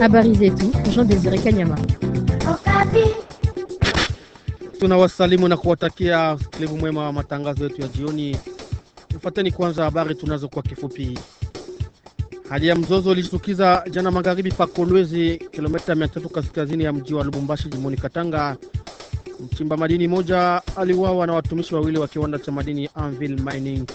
Habari zetu Jean-Desire Kanyama. Tunawasalimu na kuwatakia usikilivu mwema wa matangazo yetu ya jioni. Mfateni kwanza habari tunazo kwa kifupi. Hali ya mzozo ilishtukiza jana magharibi pa Kolwezi, kilomita 300 kaskazini ya mji wa Lubumbashi, jimboni Katanga. Mchimba madini moja aliuawa na watumishi wawili wa kiwanda cha madini Anvil Mining,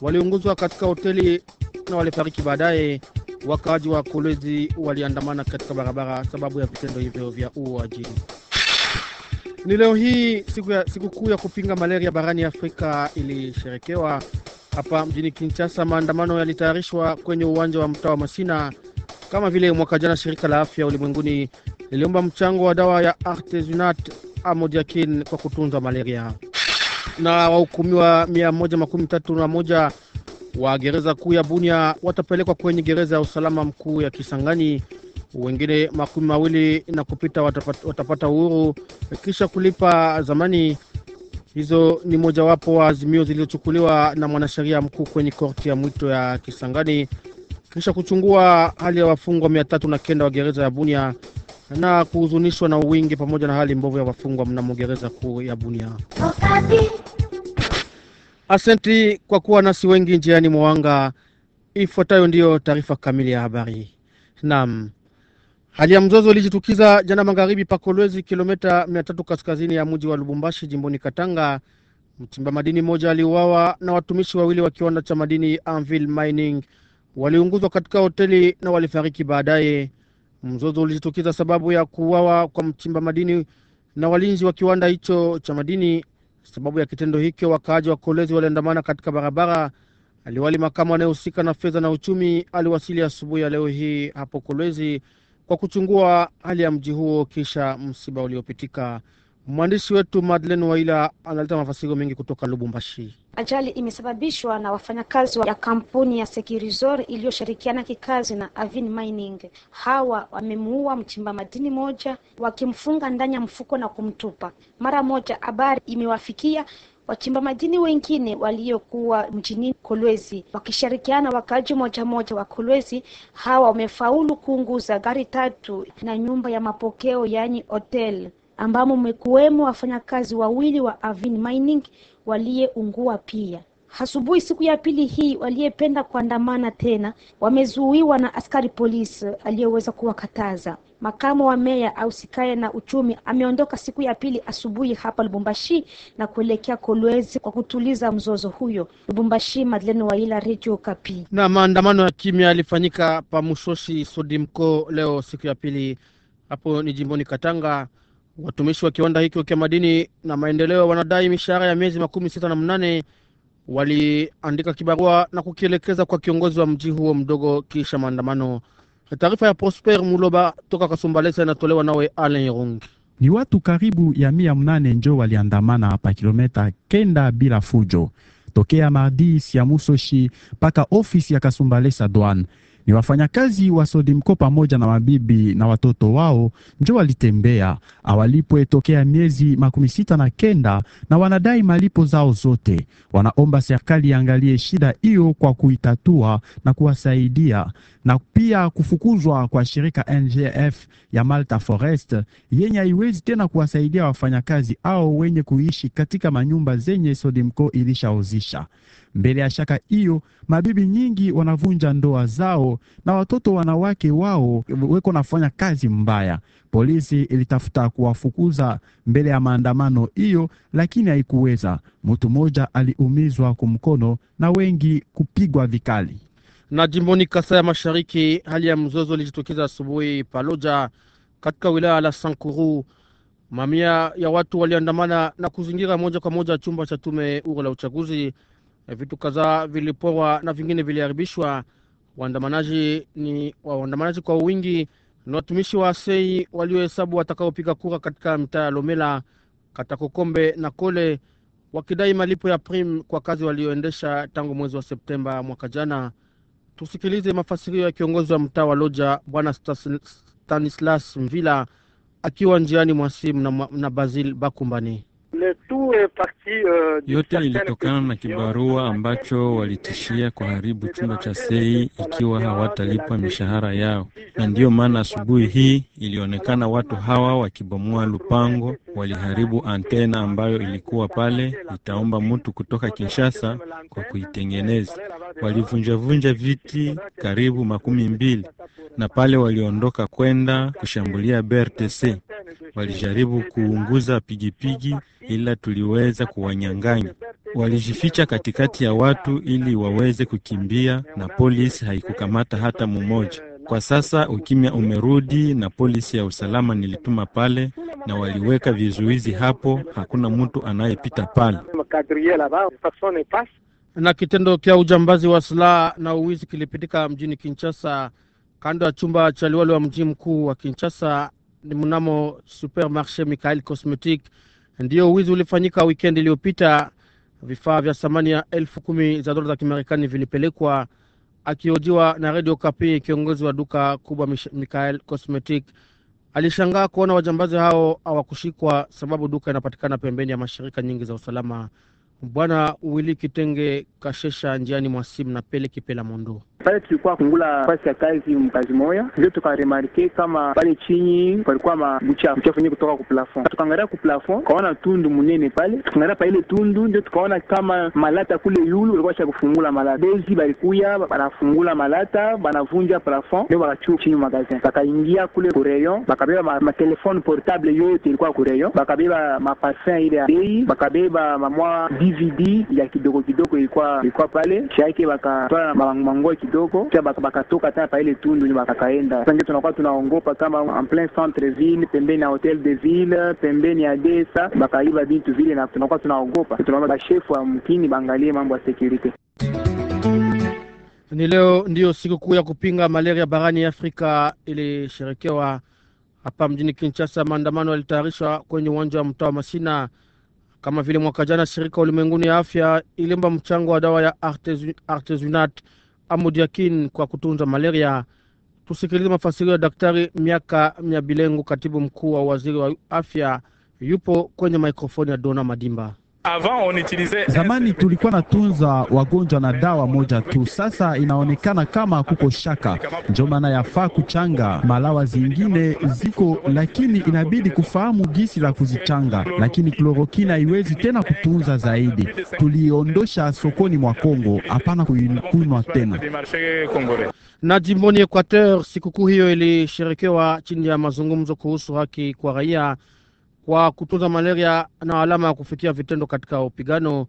waliunguzwa katika hoteli na walifariki baadaye. Wakaaji wa Kolwezi waliandamana katika barabara sababu ya vitendo hivyo vya uuaji. Ni leo hii siku ya sikukuu ya kupinga malaria barani Afrika ilisherekewa hapa mjini Kinshasa. Maandamano yalitayarishwa kwenye uwanja wa mtaa wa Masina. Kama vile mwaka jana, shirika la afya ulimwenguni liliomba mchango wa dawa ya artesunat amodiakin kwa kutunza malaria. Na wahukumiwa 131 wa gereza kuu ya Bunia watapelekwa kwenye gereza ya usalama mkuu ya Kisangani. Wengine makumi mawili na kupita watapata uhuru kisha kulipa zamani. Hizo ni mojawapo wa azimio zilizochukuliwa na mwanasheria mkuu kwenye korti ya mwito ya Kisangani kisha kuchungua hali ya wafungwa mia tatu na kenda wa gereza ya Bunia na kuhuzunishwa na uwingi pamoja na hali mbovu ya wafungwa mnamo gereza kuu ya Bunia asanti kwa kuwa nasi wengi njiani mwanga. Ifuatayo ndiyo taarifa kamili ya habari. Naam, hali ya mzozo ilijitukiza jana magharibi pa Kolwezi, kilomita 300 kaskazini ya mji wa Lubumbashi, jimboni Katanga. Mchimba madini mmoja aliuawa na watumishi wawili wa kiwanda cha madini Anvil Mining waliunguzwa katika hoteli na walifariki baadaye. Mzozo ulijitukiza sababu ya kuuawa kwa mchimba madini na walinzi wa kiwanda hicho cha madini Sababu ya kitendo hicho, wakaaji wa Kolwezi waliandamana katika barabara. Aliwali makamu anayehusika na fedha na uchumi aliwasili asubuhi ya leo hii hapo Kolwezi kwa kuchungua hali ya mji huo kisha msiba uliopitika. Mwandishi wetu Madeleine Waila analeta mafasiko mengi kutoka Lubumbashi. Ajali imesababishwa na wafanyakazi ya kampuni ya Sekirizor iliyoshirikiana kikazi na Avin Mining. Hawa wamemuua mchimba madini moja wakimfunga ndani ya mfuko na kumtupa mara moja. Habari imewafikia wachimba madini wengine waliokuwa mjini Kolwezi wakishirikiana wakaaji moja moja wa Kolwezi. Hawa wamefaulu kuunguza gari tatu na nyumba ya mapokeo, yaani hotel ambamo mmekuwemo wafanyakazi wawili wa Avin Mining waliyeungua pia. Asubuhi siku ya pili hii, waliyependa kuandamana tena wamezuiwa na askari polisi aliyeweza kuwakataza. Makamo wa meya ausikaye na uchumi ameondoka siku ya pili asubuhi hapa Lubumbashi na kuelekea Kolwezi kwa kutuliza mzozo huyo. Lubumbashi, Madeleine Waila, Radio Kapi. Na maandamano ya kimya yalifanyika pa Mushoshi Sudimko leo siku ya pili, hapo ni jimboni Katanga. Watumishi wa kiwanda hiki cha madini na maendeleo wanadai mishahara ya miezi makumi sita na mnane. Waliandika kibarua na kukielekeza kwa kiongozi wa mji huo mdogo kisha maandamano. Taarifa ya Prosper Muloba toka Kasumbalesa inatolewa nawe Alen rung Ni watu karibu ya mia mnane njo waliandamana hapa kilometa kenda bila fujo tokea Mardi Siamusoshi mpaka ofisi ya Kasumbalesa dwan ni wafanyakazi wa Sodimko pamoja na mabibi na watoto wao njo walitembea awalipwe tokea miezi makumi sita na kenda na wanadai malipo zao zote. Wanaomba serikali iangalie shida hiyo kwa kuitatua na kuwasaidia, na pia kufukuzwa kwa shirika NGF ya Malta Forest yenye haiwezi tena kuwasaidia wafanyakazi ao wenye kuishi katika manyumba zenye Sodimko ilishauzisha. Mbele ya shaka hiyo, mabibi nyingi wanavunja ndoa zao na watoto wanawake wao weko nafanya kazi mbaya. Polisi ilitafuta kuwafukuza mbele ya maandamano hiyo, lakini haikuweza. Mtu mmoja aliumizwa kumkono na wengi kupigwa vikali. Na jimboni Kasai ya Mashariki, hali ya mzozo ilijitokeza asubuhi Paloja katika wilaya la Sankuru. Mamia ya watu waliandamana na kuzingira moja kwa moja chumba cha tume huru la uchaguzi vitu kadhaa viliporwa na vingine viliharibishwa. Waandamanaji ni waandamanaji kwa wingi na watumishi wa sei waliohesabu watakaopiga kura katika mitaa ya Lomela, kata Kokombe na Kole, wakidai malipo ya prim kwa kazi walioendesha tangu mwezi wa Septemba mwaka jana. Tusikilize mafasirio ya kiongozi wa mtaa wa Loja, Bwana Stanislas Mvila, akiwa njiani mwa simu na, na Basil Bakumbani. Eh, euh, Yote ilitokana na kibarua ambacho walitishia kuharibu chumba cha sei ikiwa hawatalipa mishahara yao, na ndiyo maana asubuhi hii ilionekana watu hawa wakibomoa lupango, waliharibu antena ambayo ilikuwa pale, itaomba mtu kutoka Kinshasa kwa kuitengeneza. Walivunjavunja viti karibu makumi mbili, na pale waliondoka kwenda kushambulia BRTC. Walijaribu kuunguza pigipigi, ila tuliweza kuwanyang'anya. Walijificha katikati ya watu ili waweze kukimbia, na polisi haikukamata hata mmoja. Kwa sasa ukimya umerudi, na polisi ya usalama nilituma pale, na waliweka vizuizi hapo, hakuna mtu anayepita pale. Na kitendo kya ujambazi wa silaha na uwizi kilipitika mjini Kinshasa, kando ya chumba cha liwali wa mji mkuu wa Kinshasa ni mnamo supermarché Michael cosmetic ndio wizi ulifanyika wikendi iliyopita. Vifaa vya thamani ya elfu kumi za dola za Kimarekani vilipelekwa. Akihojiwa na Radio Kapi, kiongozi wa duka kubwa Michael Cosmetic alishangaa kuona wajambazi hao hawakushikwa, sababu duka inapatikana pembeni ya mashirika nyingi za usalama. Bwana Wili Kitenge Kashesha njiani mwa simu na Pele Kipela Mondo pale tulikuwa kungula fasi ya kazi mkazi moya, ndio tukaremarke kama pale chini palikuwa mabuchafu buchafu nye kutoka ku plafond. Tukaangalia ku plafond tukaona tundu munene pale, tukaangalia pa ile tundu ndio tukaona kama malata kule yulu walikuwa cha kufungula malata, bezi balikuya banafungula malata banavunja plafond, ndio bakachua chini magazin, bakaingia kule reyon bakabeba matelefone portable yote ilikuwa reyon bakabeba maparfum ile ya bei, bakabeba mamwa DVD ya kidogo kidogo ilikuwa ilikuwa pale shaike, bakatwala na mangoa kidogo kisha bakatoka tena pa ile tundu ni bakakaenda. Sasa ndio tunakuwa tunaongopa kama en plein centre ville, pembeni ya hotel de ville, pembeni ya desa, bakaiba vitu vile, na tunakuwa tunaogopa. Tunaomba bashefu wa mkini baangalie mambo ya security. Ni leo ndiyo kuu ya kupinga malaria barani Afrika ilisherekewa hapa mjini Kinshasa. Maandamano yalitayarishwa kwenye uwanja wa mtaa wa Masina. Kama vile mwaka jana, shirika ulimwenguni ya afya ilimba mchango wa dawa ya artezunat amodiakin kwa kutunza malaria. Tusikilize mafasirio ya Daktari Miaka bilengu katibu mkuu wa waziri wa afya, yupo kwenye mikrofoni ya Dona Madimba. Zamani tulikuwa natunza wagonjwa na dawa moja tu, sasa inaonekana kama kuko shaka, ndio maana yafaa kuchanga malawa zingine ziko, lakini inabidi kufahamu gisi la kuzichanga, lakini klorokini haiwezi tena kutunza zaidi. Tuliondosha sokoni mwa Kongo, hapana kuikunywa tena. Na jimboni Equateur, sikukuu hiyo ilisherekewa chini ya mazungumzo kuhusu haki kwa raia kwa kutunza malaria na alama ya kufikia vitendo katika upigano.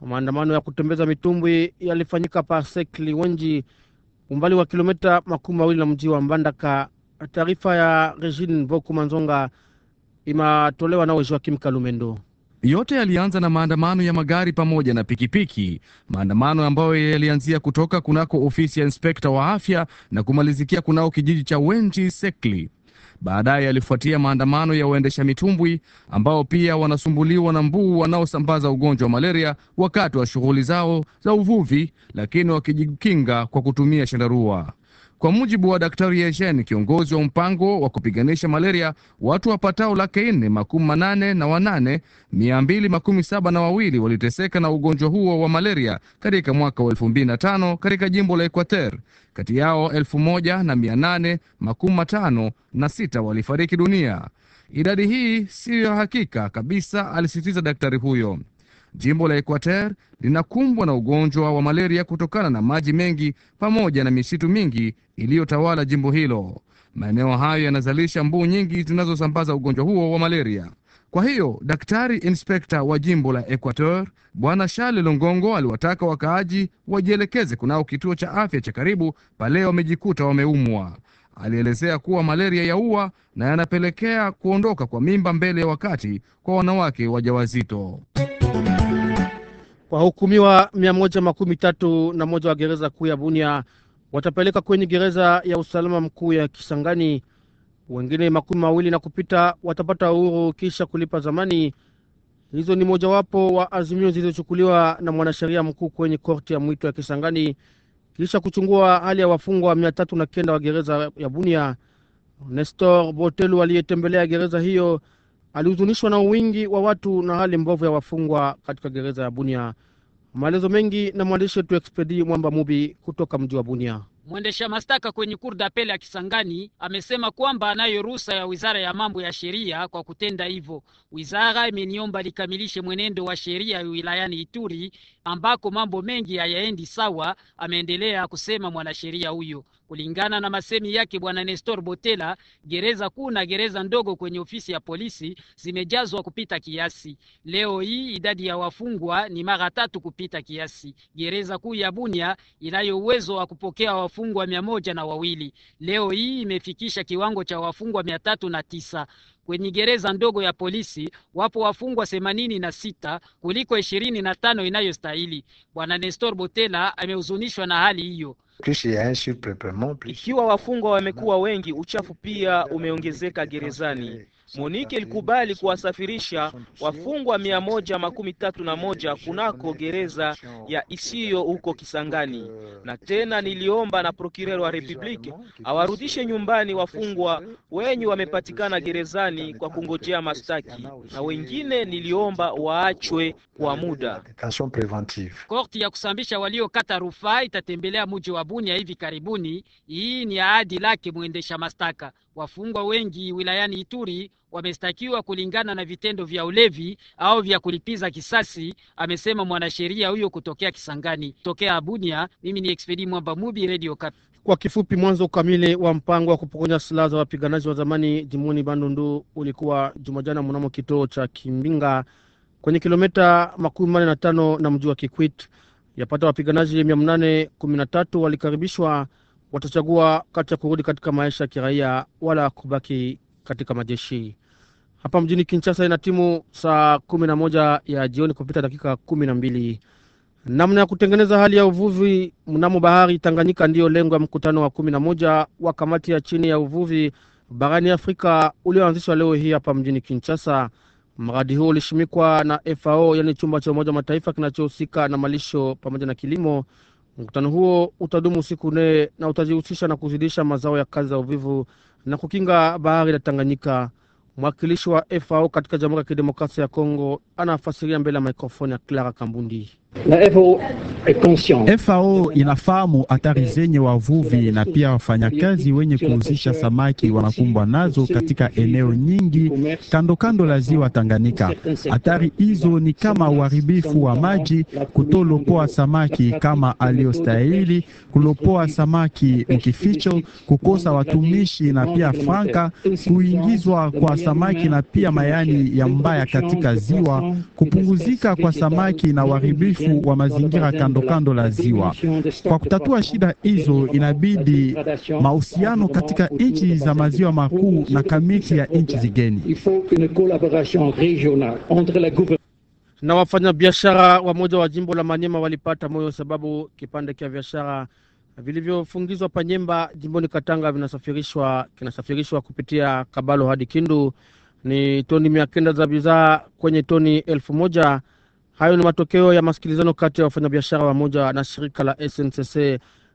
Maandamano ya kutembeza mitumbwi yalifanyika Parsek Liwenji, umbali wa kilomita makumi mawili na mji wa Mbandaka. Taarifa ya Regine Boku Manzonga imatolewa na Joakim Kalumendo. Yote yalianza na maandamano ya magari pamoja na pikipiki, maandamano ambayo yalianzia kutoka kunako ofisi ya inspekta wa afya na kumalizikia kunao kijiji cha Wenji Sekli. Baadaye yalifuatia maandamano ya waendesha mitumbwi ambao pia wanasumbuliwa na mbuu wanaosambaza ugonjwa wa malaria wakati wa shughuli zao za uvuvi, lakini wakijikinga kwa kutumia chandarua. Kwa mujibu wa Daktari Yeshen, kiongozi wa mpango wa kupiganisha malaria, watu wapatao laki nne makumi manane na wanane mia mbili makumi saba na wawili waliteseka na ugonjwa huo wa malaria katika mwaka wa elfu mbili na tano katika jimbo la Equateur. Kati yao elfu moja na mia nane makumi matano na sita walifariki dunia. Idadi hii siyo hakika kabisa, alisisitiza daktari huyo. Jimbo la Equateur linakumbwa na ugonjwa wa malaria kutokana na maji mengi pamoja na misitu mingi iliyotawala jimbo hilo. Maeneo hayo yanazalisha mbuu nyingi zinazosambaza ugonjwa huo wa malaria. Kwa hiyo daktari inspekta wa jimbo la Equateur Bwana Shale Longongo aliwataka wakaaji wajielekeze kunao kituo cha afya cha karibu pale wamejikuta wameumwa. Alielezea kuwa malaria yaua na yanapelekea kuondoka kwa mimba mbele ya wakati kwa wanawake wajawazito. Wahukumiwa mia moja makumi tatu na moja wa gereza kuu ya Bunia watapeleka kwenye gereza ya usalama mkuu ya Kisangani. Wengine makumi mawili na kupita watapata uhuru kisha kulipa zamani. Hizo ni mojawapo wa azimio zilizochukuliwa na mwanasheria mkuu kwenye korti ya mwito ya Kisangani kisha kuchungua hali ya wafungwa mia tatu na kenda wa gereza ya Bunia. Nestor Botelu aliyetembelea gereza hiyo alihuzunishwa na wingi wa watu na hali mbovu ya wafungwa katika gereza ya Bunia. Maelezo mengi na mwandishi wetu Expedi Mwamba Mubi kutoka mji wa Bunia. Mwendesha mashtaka kwenye kurda pele ya Kisangani amesema kwamba anayo ruhusa ya wizara ya mambo ya sheria kwa kutenda hivyo. Wizara imeniomba likamilishe mwenendo wa sheria wilayani Ituri ambako mambo mengi hayaendi sawa, ameendelea kusema mwanasheria huyo. Kulingana na masemi yake bwana Nestor Botela, gereza kuu na gereza ndogo kwenye ofisi ya polisi zimejazwa kupita kiasi. Leo hii idadi ya wafungwa ni mara tatu kupita kiasi. Gereza kuu ya Bunia inayo uwezo wa kupokea wafungwa mia moja na wawili, leo hii imefikisha kiwango cha wafungwa mia tatu na tisa kwenye gereza ndogo ya polisi wapo wafungwa themanini na sita kuliko ishirini na tano inayostahili. Bwana Nestor Botela amehuzunishwa na hali hiyo. Ikiwa wafungwa wamekuwa wengi, uchafu pia umeongezeka gerezani. Monike ilikubali kuwasafirisha wafungwa mia moja makumi tatu na moja kunako gereza ya isiyo huko Kisangani, na tena niliomba na prokurero wa republike awarudishe nyumbani wafungwa wenye wamepatikana gerezani kwa kungojea mastaki, na wengine niliomba waachwe kwa muda. Korti ya kusambisha waliokata rufaa itatembelea mji wa Bunia hivi karibuni. Hii ni ahadi lake mwendesha mastaka Wafungwa wengi wilayani Ituri wamestakiwa kulingana na vitendo vya ulevi au vya kulipiza kisasi, amesema mwanasheria huyo kutokea Kisangani. Tokea Abunia, mimi ni Expedi Mwamba Mubi, Radio Kapi. Kwa kifupi, mwanzo kamili wa mpango wa kupokonya silaha za wapiganaji wa zamani jimoni Bandundu ulikuwa Jumajana mnamo kituo cha Kimbinga kwenye kilomita makumi manne na tano na mji wa Kikwit. Yapata wapiganaji mia mnane kumi na tatu walikaribishwa watachagua kati ya kurudi katika maisha ya kiraia wala kubaki katika majeshi. Hapa mjini Kinshasa ina timu saa kumi na moja ya jioni kupita dakika kumi na mbili. Namna ya kutengeneza hali ya uvuvi mnamo bahari Tanganyika ndiyo lengo ya mkutano wa kumi na moja wa kamati ya chini ya uvuvi barani Afrika ulioanzishwa leo hii hapa mjini Kinshasa. Mradi huo ulishimikwa na FAO, yaani chumba cha Umoja wa Mataifa kinachohusika na malisho pamoja na kilimo Mkutano huo utadumu siku nne na utajihusisha na kuzidisha mazao ya kazi za uvivu na kukinga bahari la Tanganyika. Mwakilishi wa FAO katika Jamhuri ya Kidemokrasia ya Kongo anafasiria mbele ya mikrofoni ya Clara Kambundi. Na FAO FAO inafahamu hatari zenye wavuvi na pia wafanyakazi wenye kuhusisha samaki wanakumbwa nazo katika eneo nyingi kando kando la ziwa Tanganyika. Hatari hizo ni kama uharibifu wa maji, kutolopoa samaki kama aliyostahili, kulopoa samaki mkificho, kukosa watumishi na pia franka, kuingizwa kwa samaki na pia mayani ya mbaya katika ziwa, kupunguzika kwa samaki na uharibifu uharibifu wa mazingira kando kando la ziwa. Kwa kutatua shida hizo, inabidi mahusiano katika nchi za maziwa makuu na kamiti ya nchi zigeni na wafanyabiashara wa moja wa jimbo la Manyema walipata moyo sababu kipande cha biashara vilivyofungizwa Panyemba jimboni Katanga vinasafirishwa kinasafirishwa kupitia Kabalo hadi Kindu ni toni mia kenda za bidhaa kwenye toni elfu moja Hayo ni matokeo ya masikilizano kati ya wafanyabiashara wamoja na shirika la SNCC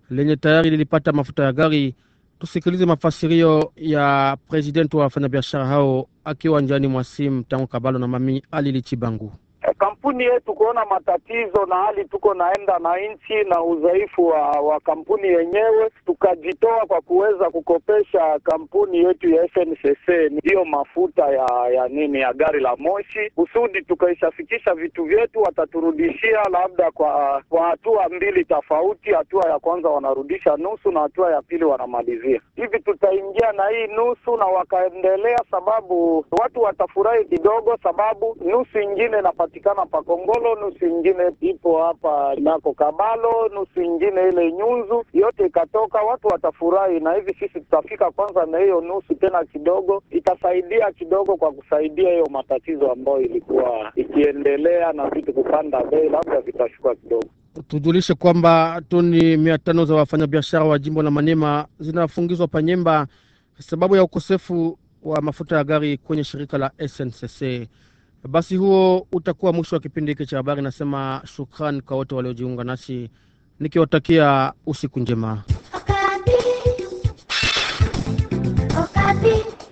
lenye tayari lilipata mafuta ya gari. Tusikilize mafasirio ya president wa wafanyabiashara hao akiwa njiani mwa simu tangu Kabalo na Mami Ali Lichibangu kampuni yetu kuona matatizo na hali tuko naenda na nchi na udhaifu wa, wa kampuni yenyewe, tukajitoa kwa kuweza kukopesha kampuni yetu ya FNCC ndiyo mafuta ya, ya nini ya gari la moshi, kusudi tukaishafikisha vitu vyetu, wataturudishia labda kwa kwa hatua mbili tofauti. Hatua ya kwanza wanarudisha nusu na hatua ya pili wanamalizia hivi, tutaingia na hii nusu na wakaendelea, sababu watu watafurahi kidogo, sababu nusu ingine inapatikana inapatikana pa Kongolo, nusu ingine ipo hapa nako Kabalo, nusu ingine ile Nyunzu, yote ikatoka, watu watafurahi. Na hivi sisi tutafika kwanza na hiyo nusu tena kidogo, itasaidia kidogo kwa kusaidia hiyo matatizo ambayo ilikuwa ikiendelea na vitu kupanda bei, labda vitashuka kidogo. Tujulishe kwamba toni mia tano za wafanyabiashara wa jimbo la Manema zinafungizwa Panyemba sababu ya ukosefu wa mafuta ya gari kwenye shirika la SNCC. Basi huo utakuwa mwisho wa kipindi hiki cha habari. Nasema shukran kwa wote waliojiunga nasi, nikiwatakia usiku njema. Okapi. Okapi.